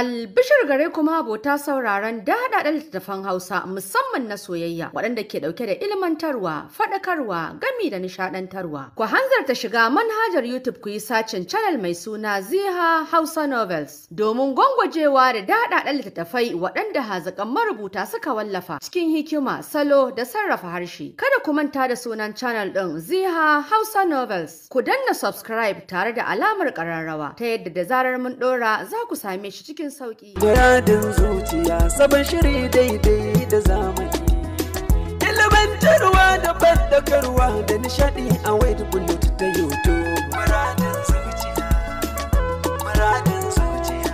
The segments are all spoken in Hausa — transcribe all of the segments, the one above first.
Albishir gare kuma abota sauraron daɗaɗa littattafan Hausa musamman na soyayya waɗanda ke ɗauke da ilmantarwa, faɗakarwa, gami da nishaɗantarwa. Ku hanzarta shiga manhajar YouTube ku yi sacin channel mai suna Ziha Hausa Novels domin gwangwajewa da daɗaɗa littattafai waɗanda hazaƙan marubuta suka wallafa cikin hikima, salo da sarrafa harshe. Kada ku manta da sunan canal ɗin Ziha Hausa Novels. Ku danna subscribe tare da alamar ƙararrawa ta yadda da zarar mun ɗora za ku same shi cikin cikin sauki. Muradin zuciya sabon shiri daidai da zamani. Ilimantarwa da bandakarwa da nishaɗi a da bullet ta YouTube. Muradin zuciya, muradin zuciya.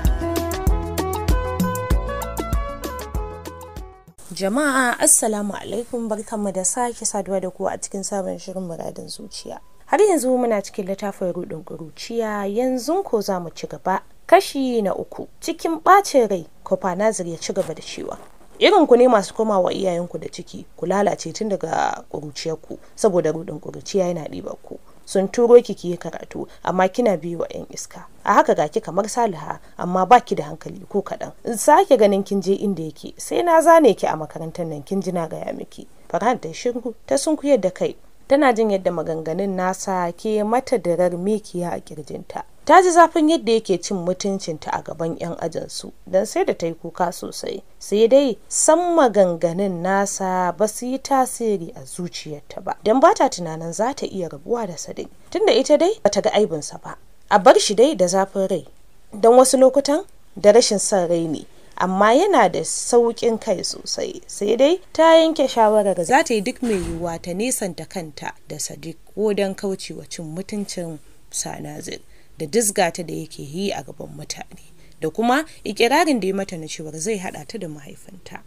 Jama'a Assalamu alaikum barkanmu da sake saduwa da ku a cikin sabon shirin muradin zuciya. Har yanzu muna cikin littafin rudin kuruciya yanzu ko za mu ci gaba Kashi na uku cikin ɓace rai, Kopanazir ya ci gaba da cewa, irin ku ne masu koma wa iyayenku da ciki, ku lalace tun daga ƙuruciyarku saboda rudin ƙuruciya yana ɗiba ku. Sun turo ki ki karatu, amma kina biyu wa 'yan iska. A haka ga ki kamar Saliha, amma ba ki da hankali ko kaɗan. In sake ganin kin je inda yake, sai na zane ki a makarantar nan kin ji na gaya miki." Farhan ta shiru ta sunkuyar da kai tana jin yadda maganganun nasa ke mata dirar mikiya a kirjinta ta ji zafin yadda yake cin mutuncinta a gaban 'yan ajinsu don sai da ta yi kuka sosai sai dai san maganganun nasa ba su yi tasiri a zuciyarta ba don ba ta tunanin za ta iya rabuwa da sadin, tunda ita dai ba ta ga aibinsa ba a bar shi dai da zafin rai don wasu lokutan da rashin son rai ne amma yana da sauƙin kai sosai sai dai ta yanke shawarar za ta yi duk mai yiwuwa ta nesanta kanta da sadiq ko don kaucewa cin mutuncin sanazir da dizgata da yake yi a gaban mutane da kuma ikirarin da ya mata na cewar zai haɗa ta da mahaifinta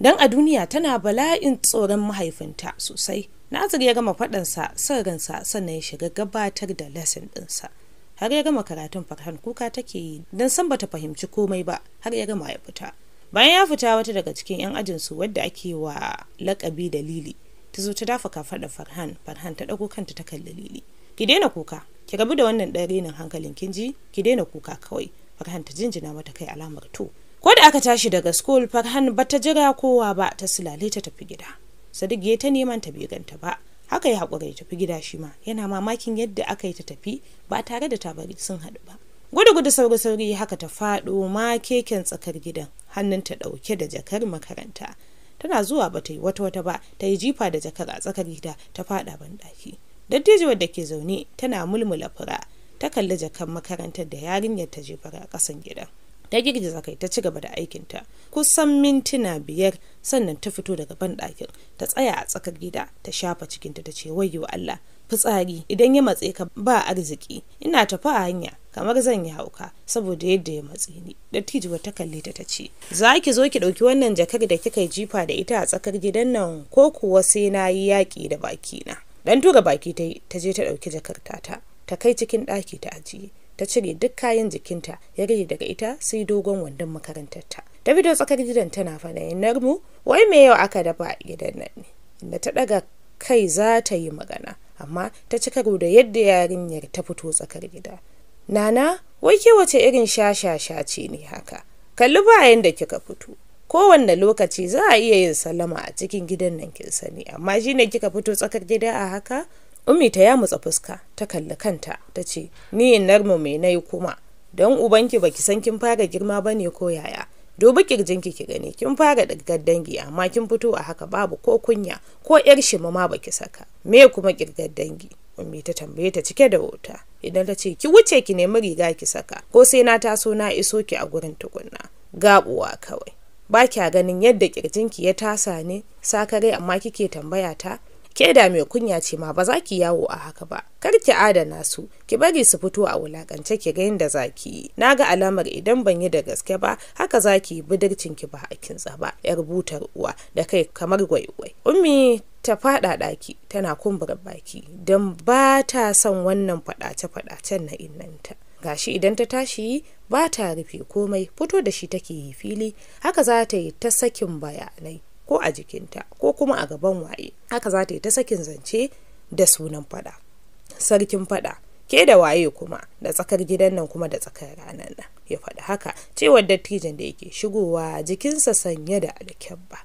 don a duniya tana bala'in tsoron mahaifinta sosai nazir ya gama faɗansa sa ransa sannan ya shiga gabatar da lesson ɗinsa har ya gama karatun farhan kuka take yi don san bata fahimci komai ba har ya gama ya fita bayan ya fita wata daga cikin yan ajin su wadda ake wa lakabi da lili ta zo ta dafa kafaɗa farhan farhan ta ɗauko kanta ta kalli lili ki daina kuka ki rabu da wannan ɗan renin hankalin kin ji ki daina kuka kawai farhan ta jinjina mata kai alamar to ko da aka tashi daga school farhan ba ta jira kowa ba ta sulale ta tafi gida sadiq ya ta neman ta bai ganta ba haka ya haƙura ya tafi gida shi ma yana mamakin yadda aka yi ta tafi ba tare da tabari sun haɗu ba gudu gudu sauri sauri haka ta faɗo ma keken tsakar gidan hannun ta ɗauke da jakar makaranta tana zuwa ba ta yi wata wata ba ta yi jifa da jakar a tsakar gida ta faɗa banɗaki. ɗaki da ke zaune tana mulmula fura ta kalli jakar makarantar da yarinyar ta jefar a ƙasan gidan ta girgiza kai ta ci gaba da aikinta kusan mintuna biyar sannan ta fito daga banɗakin ta tsaya a tsakar gida ta shafa cikinta ta ce wayo Allah fitsari idan ya matse ka ba arziki ina tafi a hanya kamar zan yi hauka saboda yadda ya matse ni dattijuwa ta kalle ta ta ce za ki zo ki ɗauki wannan jakar da kika jifa da ita a tsakar gidan nan ko kuwa sai na yi yaƙi da baki na dan tura baki ta yi ta je ta ɗauki jakar ta ta kai cikin ɗaki ta ajiye ta cire duk kayan jikinta ya rage daga ita sai dogon wandon makarantarta ta da tsakar gidan tana fana yin narmu wai me yau aka dafa a gidan nan ne inda ta ɗaga kai za ta yi magana amma ta ci karo da yadda yarinyar ta fito tsakar gida nana wai ke wace irin shashasha ce ne haka kalli bayan da kika fito kowanne lokaci za a iya yin sallama a cikin gidan nan kin sani amma shine kika fito tsakar gida a haka ummi ta ya mutsa fuska ta kalli kanta ta ce ni in mu mai nayi kuma don ubanki baki san kin fara girma ba ne ko yaya dubi kirjinki ki gani kin fara ɗirgar dangi amma kin fito a haka babu ko kunya ko yar shima ma baki saka me kuma kirgar dangi ummi ta tambaye ta cike da wuta idan ta ce ki wuce ki nemi riga ki saka ko sai na taso na iso ki a gurin tukunna gabuwa kawai ba kya ganin yadda kirjinki ya tasa ne sakare amma kike tambaya ta ke da mai kunya ce ma ba za ki yawo a haka ba kar ki adana su ki bari su fito a wulakance ki ga yadda za ki yi na ga alamar idan ban yi da gaske ba haka za ki yi budurcin ki ba a kintsa ba yar butar uwa da kai kamar gwaiwai ummi ta fada daki tana kumbura baki don ba ta son wannan fadace-fadacen na innanta gashi idan ta tashi ba ta rufe komai fito da shi take yi fili haka za ta yi ta sakin bayanai ko a jikinta ko kuma a gaban waye haka za ta yi ta sakin zance da sunan fada sarkin fada ke da waye kuma da tsakar gidan nan kuma da tsakar ranar nan ya faɗi haka cewar dattijan da yake shigowa jikinsa sanye da alkyabba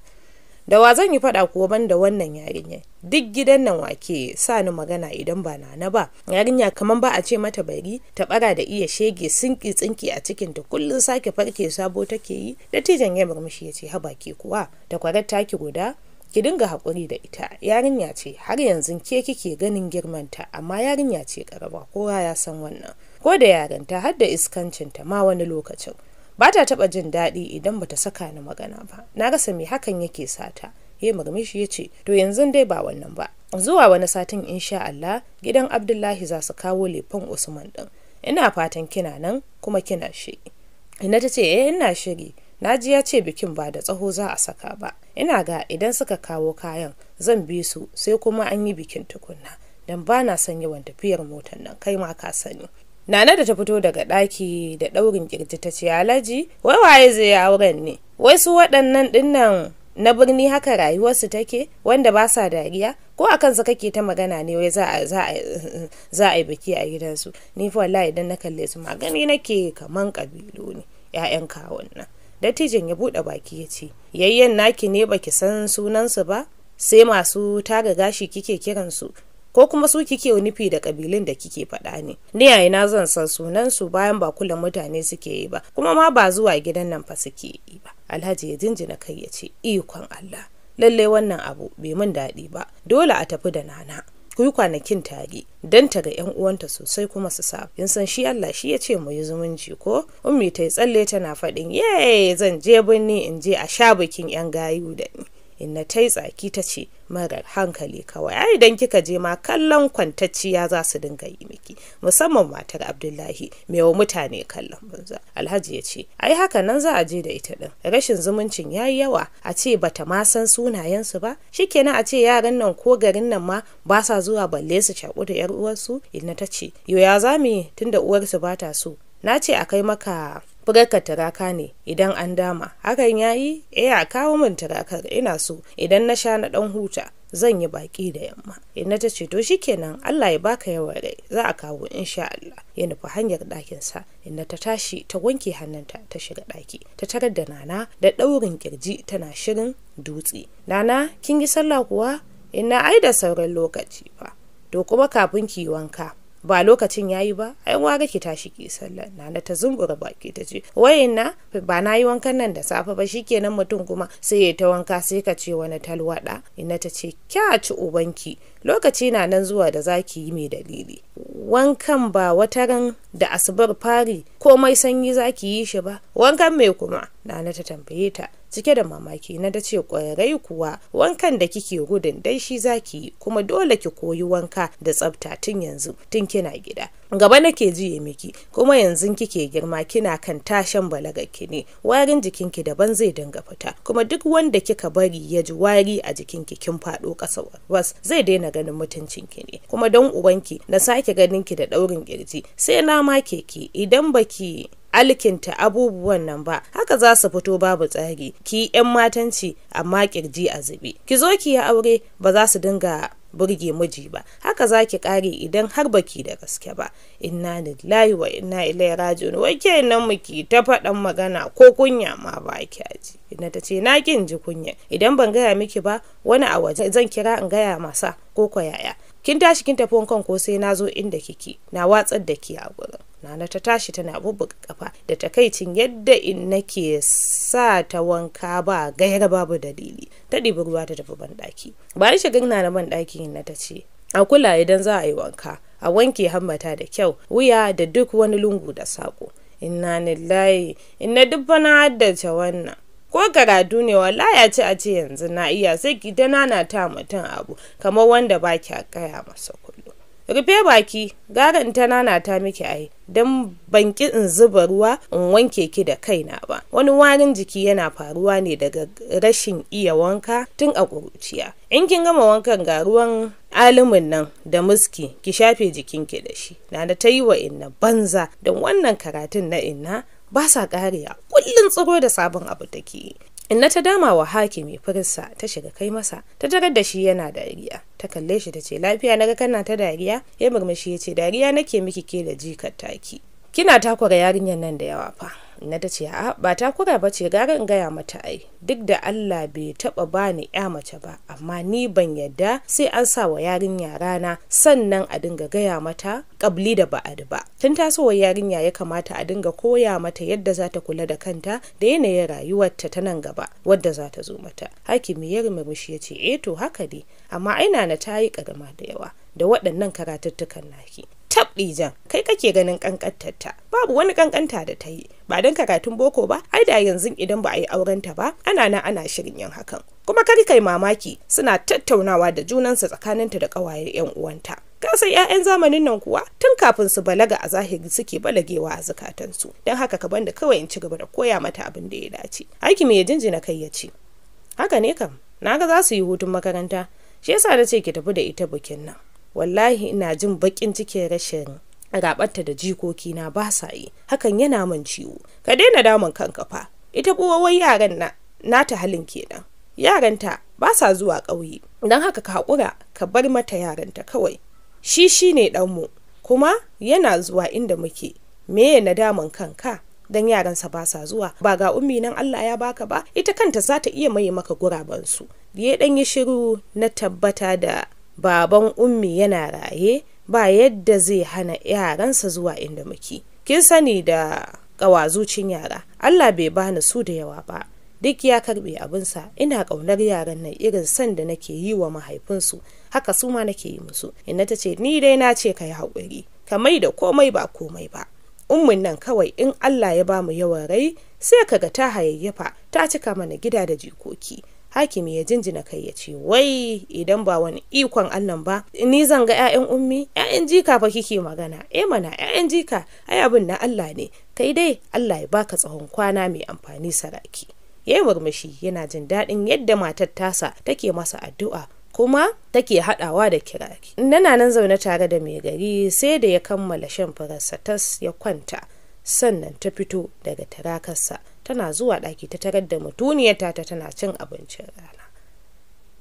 da wa zan yi faɗa kuwa banda wannan yarinyar duk gidan nan wake sa ni magana idan ba na ba yarinya kaman ba a ce mata bari ta bara da iya shege sinki tsinki a cikin ta kullun sake farke sabo take yi da tijan ya murmushi ya ce haba ke kuwa da kwarar ki guda ki dinga haƙuri da ita yarinya ce har yanzu ke kike ganin girmanta amma yarinya ce karaba kowa ya san wannan ko da yarinta har da iskancinta ma wani lokacin ba ta taɓa jin daɗi idan ba ta saka ni magana ba na rasa me hakan yake sata ya murmushi ya ce to yanzu dai ba wannan ba zuwa wani satin insha Allah gidan Abdullahi za su kawo lefan Usman ɗin ina fatan kina nan kuma kina shiri ina ta ce eh ina shiri na ji ya ce bikin ba da tsaho za a saka ba ina ga idan suka kawo kayan zan bi su sai kuma an yi bikin tukunna dan ba na son yawan tafiyar motar nan kai ma ka sani Nana da ta fito daga ɗaki da ɗaurin kirji ta ce Alhaji wai waye zai yi auren ne wai su waɗannan ɗinnan na birni haka rayuwarsu take wanda ba sa dariya ko a kansa kake ta magana ne wai za a yi biki a gidansu ni fa wallahi idan na kalle su magani nake kaman kabilu ne ya'yan kawon nan dattijin ya buɗe baki ya ce yayyen naki ne baki san sunansu ba sai masu tara gashi kike kiransu ko kuma su kike nufi da kabilun da kike faɗa ne ni yayi na zan san sunan su bayan ba kula mutane suke yi ba kuma ma ba zuwa gidan nan fa suke yi ba alhaji ya jinjina kai ya ce ikon allah lalle wannan abu bai mun daɗi ba dole a tafi da nana ku yi kwanakin tare dan ta ga yan uwanta sosai kuma su sa in san shi Allah shi ya ce mu yi zumunci ko ummi ta yi tsalle tana faɗin ye zan je birni in je a sha bikin yan gayu da ni inna ta yi tsaki ta ce marar hankali kawai ai idan kika je ma kallon kwantacciya za su dinga yi miki musamman matar abdullahi mai wa mutane kallon banza alhaji ya ce ai haka nan za a je da ita din rashin zumuncin ya yi yawa a ce bata ma san sunayensu ba shikenan a ce yaran nan ko garin nan ma ba sa zuwa balle su shaƙu da yar uwarsu inna ta ce yo ya za mu yi tunda uwarsu ba ta so na ce a kai maka Furarka turaka ne idan an dama. Hakan ya yi? Eh kawo min turakar ina so idan na sha na ɗan huta. Zan yi baƙi da yamma. Inna ta ce to shikenan Allah ya baka yawa rai za a kawo insha Allah. Ya nufi hanyar ɗakinsa. Inna ta tashi ta wanke hannunta ta shiga ɗaki. Ta tarar da Nana da ɗaurin kirji tana shirin dutse. Nana kin yi sallah kuwa? Inna ai da sauran lokaci fa. To kuma kafin ki wanka ba lokacin yayi ba ai ware ki tashi ki na nana ta zumbura baki ta ce wayanna ba na yi wankan nan da safe ba shi shikenan mutum kuma sai ya ta wanka sai ka ce wani talwaɗa. ina ta ce kya ci ubanki lokaci na nan zuwa da za yi mai dalili wankan ba wata ran da asubar fari komai sanyi zaki yi shi ba wankan mai kuma na ta tambaye ta cike da mamaki na da ce ƙwararrai kuwa wankan da kike gudun dai shi zaki yi kuma dole ki koyi wanka da tsabta tun yanzu tun kina gida gaba nake jiye miki kuma yanzu kike girma kina kan tashan balagarki ne warin jikinki daban zai dinga fita kuma duk wanda kika bari ya ji wari a jikin ki kin faɗo kasa was zai daina daina ganin mutuncin ki ne kuma don ubanki na sake ganin ki da daurin kirji sai na make ki idan baki alkinta abubuwan nan ba haka za su fito babu tsari ki yan matanci amma kirji a zube ki zo ki yi aure ba za su dinga burge miji ba haka zaki kare idan har baki da gaske ba inna lillahi wa inna ilaihi raji'un wai kenan muke ta faɗan magana ko kunya ma ba ki aji inna tace na kin ji kunya idan ban gaya miki ba wani a waje zan kira in gaya masa ko ko yaya kin tashi kin tafi wankan ko sai na zo inda kike na watsar da ke a gurin nana ta tashi tana bubbuga kafa da takaicin yadda in nake sa ta wanka ba gayar babu dalili ta ɗibi ruwa ta tafi banɗaki bari shiga na banɗaki na ta ce a kula idan za a yi wanka a wanke hammata da kyau wuya da duk wani lungu da saƙo inna lillahi inna duk bana haddace wannan ko garadu ne wallahi ya ce a ce yanzu na iya sai gidana ta ta mutum abu kamar wanda ba kya kaya masa kullum rufe baki gara ta nana ta miki ai don ban ki in zuba ruwa in wanke ki da kaina ba wani warin jiki yana faruwa ne daga rashin iya wanka tun a ƙuruciya in kin gama wankan ga ruwan alimin nan da muski ki shafe jikinki da shi na da ta yi wa inna banza don wannan karatun na inna ba sa ƙarewa kullum tsoro da sabon abu take inna ta dama wa hakimi firinsa ta shiga kai masa ta tarar da shi yana dariya ta kalle shi ta ce lafiya na ga kana ta dariya ya murmushi ya ce dariya nake miki ke da jikar taki kina takura yarinyar nan da yawa fa na ta ce a ba ba ce gara in gaya mata ai duk da Allah bai taba bani ya mace ba amma ni ban yadda sai an sa wa yarinya rana sannan a dinga gaya mata kabli da ba'ad ba tun tasowar yarinya ya kamata a dinga koya mata yadda za ta kula da kanta da yanayin rayuwarta ta nan gaba wadda za ta zo mata hakimi ya murmushi ya ce eh to haka ne amma aina na ta yi karama da yawa da waɗannan karatuttukan naki tab ɗijan kai kake ganin ta babu wani kankanta da ta yi ba don karatun boko ba ai da yanzu idan ba a yi aurenta ba ana nan ana shirin yin hakan kuma kar kai mamaki suna tattaunawa da junansa tsakaninta da ƙawayen yan uwanta kasan 'ya'yan zamanin nan kuwa tun kafin su balaga a zahiri suke balagewa a zukatansu don haka ka banda kawai in ci gaba da koya mata abin da ya dace aiki mai ya jinjina kai ya ce haka ne kam na ga za su yi hutun makaranta shi yasa na ce ki tafi da ita bukin nan wallahi ina jin baƙin cikin rashin raɓarta da na ba sa yi hakan yana min ciwo ka daina damun kanka fa ita wai yaran na nata halin kenan yaranta ba sa zuwa ƙauye don haka ka haƙura ka bar mata yaranta kawai shi shi ne ɗanmu kuma yana zuwa inda muke meye na damun kanka don yaransa ba sa zuwa ba ga ummi nan Allah ya baka ba ita kanta za ta iya maye maka gurabansu su ya shiru na tabbata da baban ummi yana raye ba yadda zai hana yaransa zuwa inda muke kin sani da ƙawazucin yara Allah bai bani su da yawa ba duk ya karbe abinsa ina ƙaunar yaran nan irin san da nake yi wa mahaifinsu haka su ma nake yi musu ina ta ce ni dai na ce kai haƙuri ka mai da komai ba komai ba ummin nan kawai in Allah ya bamu yawan rai sai kaga ta hayayyafa ta cika mana gida da jikoki hakimi ya jinjina kai ya ce wai idan ba wani ikon allan ba ni zan ga 'ya'yan ummi 'ya'yan jika fa kike magana eh mana 'ya'yan jika ai abin na allah ne kai dai allah ya baka tsawon kwana mai amfani saraki ya yi murmushi yana jin daɗin yadda matar tasa take masa addu'a kuma take haɗawa da kirari nana nan zaune tare da mai gari sai da ya kammala shan furarsa tas ya kwanta sannan ta fito daga tarakarsa tana zuwa ɗaki ta tarar da mutuniyar ta tana cin abincin rana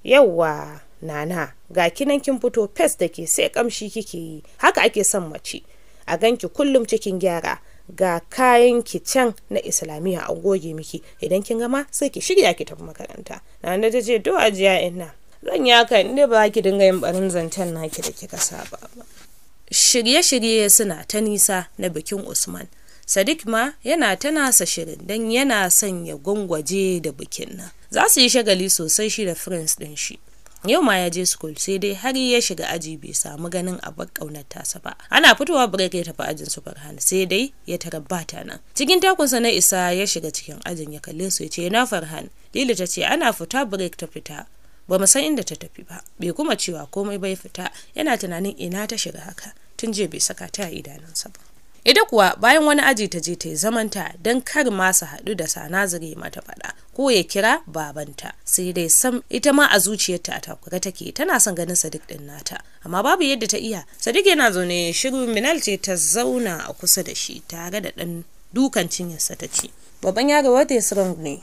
yawwa nana ga kinan kin fito fes da ke sai kamshi kike yi haka ake son mace a ganki kullum cikin gyara ga kayan ki can na islamiyya a goge miki idan kin gama sai ki shirya ki tafi makaranta na da ce do ajiya ina zan ya kan inda ba ki dinga yin barin zancen naki da kika saba ba shirye-shirye suna ta nisa na bikin usman sadiq ma yana ta nasa shirin don yana son ya gwangwaje da bikin nan za su yi shagali sosai shi da friends din shi yau ma ya je school sai dai har ya shiga aji bai samu ganin abin ƙaunar tasa ba ana fitowa break ya tafi ajin su farhan sai dai ya tara bata nan cikin takunsa na isa ya shiga cikin ajin ya kalle su ya ce na farhan lili ta ce ana fita break ta fita ba mu san inda ta tafi ba bai kuma cewa komai bai fita yana tunanin ina ta shiga haka tun jiya bai saka ta a idanunsa ba ita kuwa bayan wani aji ta je ta yi zamanta don kar ma su haɗu da sanazire mata faɗa ko ya kira babanta sai dai sam ita ma a zuciyarta a takura take tana son ganin sadiq din nata amma babu yadda ta iya sadiq yana zaune shiru minal ce ta zauna a kusa da shi tare da ɗan dukan cinyarsa ta ce babban yaro wata ya ne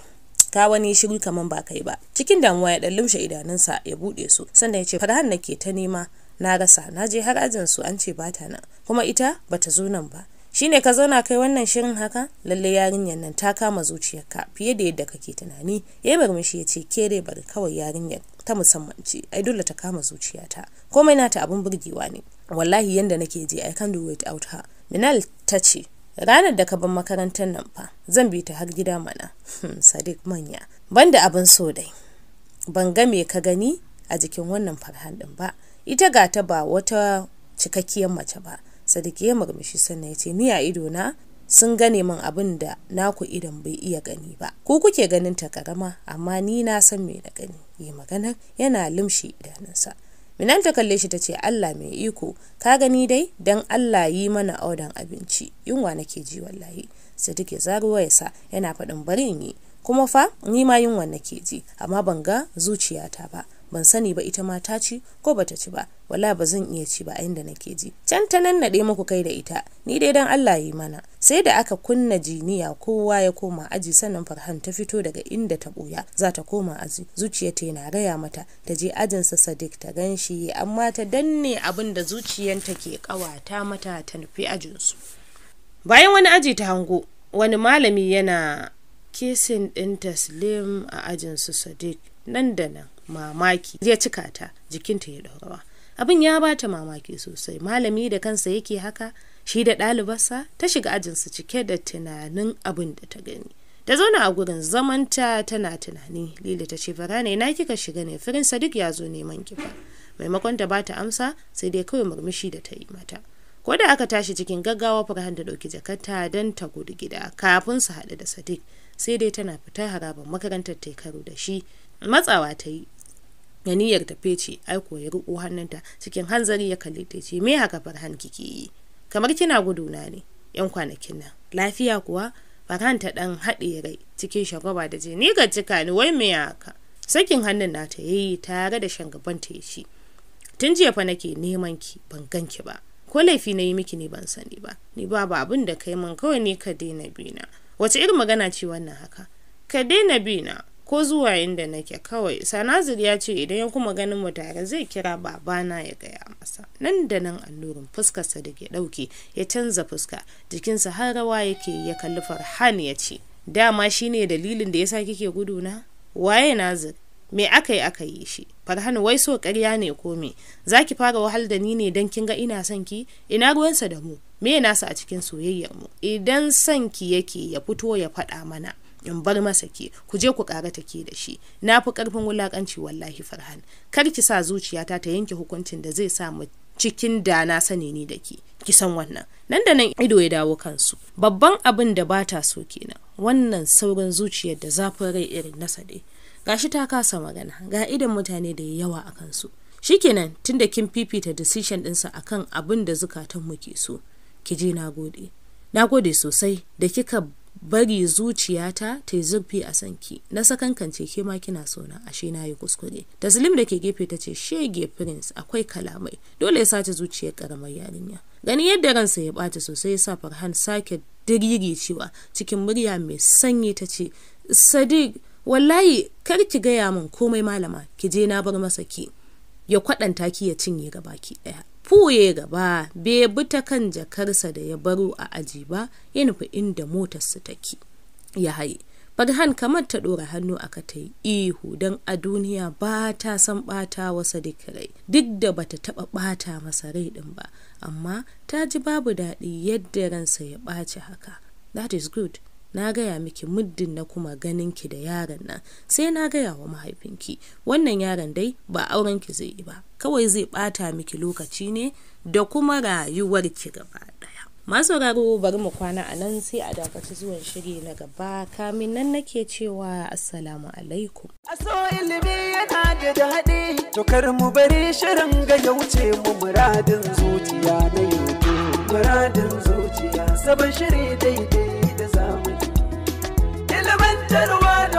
ka wani shiru kaman ba kai ba cikin damuwa ya ɗan lumshe idanunsa ya buɗe su sannan ya ce farhan nake ta nema na rasa na je har ajin su an ce bata nan kuma ita bata zo nan ba shi ne ka zauna kai wannan shirin haka lallai yarinyar nan ta kama zuciyarka fiye da yadda kake tunani ya murmushi ya ce ke dai bari kawai yarinyar ta musamman ce ai dole ta kama zuciya ta. komai nata abin burgewa ne wallahi yanda nake je i can do it out ha minal ta ce ranar da ka ban makarantar nan fa zan bi ta har gida mana hmm, sadiq manya banda abin so dai ban ga me ka gani a jikin wannan farhan din ba ita ga ta ba wata cikakkiyar mace ba sadiq ya murmushi sannan ya ce ni a ido na sun gane min abin da naku idan bai iya gani ba ku kuke ganin ta karama amma ni na san me na gani yi magana yana limshi idanunsa minan ta kalle shi ta ce allah mai iko ka gani dai don allah yi mana audan abinci yunwa nake ji wallahi sadiq ya zaro sa yana faɗin bari in yi kuma fa ni ma yunwa nake ji amma ban ga zuciyata ba ban sani ba ita ma ta ci ko bata ci ba wala ba zan iya ci ba a inda nake ji can ta nan naɗe muku kai da ita ni dai dan Allah yi mana sai da aka kunna jiniya kowa ya koma aji sannan farhan ta fito daga inda ta ɓuya za ta koma aji zuciya ta yana gaya mata ta je ajin sa sadiq ta ganshi amma ta danne abin da zuciyarta ke ƙawata mata ta nufi ajinsu bayan wani aji ta hango wani malami yana kesin ɗinta taslim a ajinsu sadiq nan da nan mamaki ya cika ta jikinta ya ɗaurawa abin ya bata mamaki sosai malami da kansa yake haka shi da ɗalibarsa ta shiga ajinsu cike da tunanin abin da ta gani ta zauna a gurin zamanta tana tunani lila ta ce ne na kika shiga ne firin duk ya zo neman kifa maimakon ta bata amsa sai dai kawai murmushi da ta yi mata ko da aka tashi cikin gaggawa farhan da ɗauki jakarta don ta gudu gida kafin su haɗu da sadiq sai dai tana fita harabar makarantar ta karo da shi matsawa ta yi ganiyar niyyar tafe ce aiko ya riko hannunta cikin hanzari ya kalli ta ce me haka farhan kike yi kamar kina guduna ne yan kwanakin nan lafiya kuwa farhan ta dan haɗe rai cikin shagwaba da je ni ga cika ni wai me haka sakin hannun nata yi tare da shangaban ta yi tun jiya fa nake neman ki ban ganki ba ko laifi na yi miki ne ban sani ba ni ba abin da kai min kawai ne ka daina bina wace irin magana ce wannan haka ka daina bina ko zuwa inda nake kawai sanazir ya ce idan ya kuma ganin mu tare zai kira babana ya gaya masa nan da nan allurin fuskarsa da ke ɗauke ya canza fuska jikinsa har rawa yake ya kalli farhan ya ce dama shine dalilin da ya sa kike gudu na waye nazir me aka yi aka yi shi farhan wai so karya ne ko me za ki fara wahal da ni ne don kin ga ina son ki ina ruwansa da mu me nasa a cikin soyayyar mu idan son ki yake ya fito ya faɗa mana in bar masa ke ku je ku ƙara ta ke da shi na fi ƙarfin wulaƙanci wallahi farhan kar ki sa zuciyata ta yanke hukuncin da zai sa mu cikin da na sani ni da ke ki san wannan nan da nan ido ya dawo kansu babban abin da ba ta so kenan wannan saurin zuciyar da zafin rai irin nasa dai gashi ta kasa magana ga idan mutane da yawa a kansu shikenan tunda kin fifita decision ɗinsa akan abin da zukatan mu ke so ki je na gode na gode sosai da kika bari zuciyata ta yi zurfi a sanki na sakankance ke ma kina sona ashe na yi kuskure taslim da ke gefe ta ce shege prince akwai kalamai dole ya sace zuciyar karamar yarinya gani yadda ransa ya bata sosai ya sa farhan sake diriri cewa cikin murya mai sanyi ta ce sadiq wallahi kar ki gaya min komai malama ki je na bar masa ki ya kwaɗanta ki ya cinye gaba ki ɗaya fuye gaba bai bi ta kan jakarsa da ya baro a aji ba ya nufi inda motarsa take ya haye farhan kamar ta ɗora hannu aka ta yi ihu don a duniya ba ta san ɓata wasa rai duk da ba ta taɓa ɓata masa rai ɗin ba amma ta ji babu daɗi yadda ransa ya ɓace haka that is good na gaya miki muddin na kuma ganin ki da yaron nan sai na gaya wa mahaifinki wannan yaron dai ba auren ki zai yi ba kawai zai bata miki lokaci ne da kuma rayuwar ki gaba daya masu raro bari mu kwana a nan sai a dakaci zuwan shiri na gaba kamin nan nake cewa assalamu alaikum aso ilimi yana da daɗi to kar mu bari shirin ga ya wuce mu muradin zuciya na yau muradin zuciya sabon shiri daidai tell the world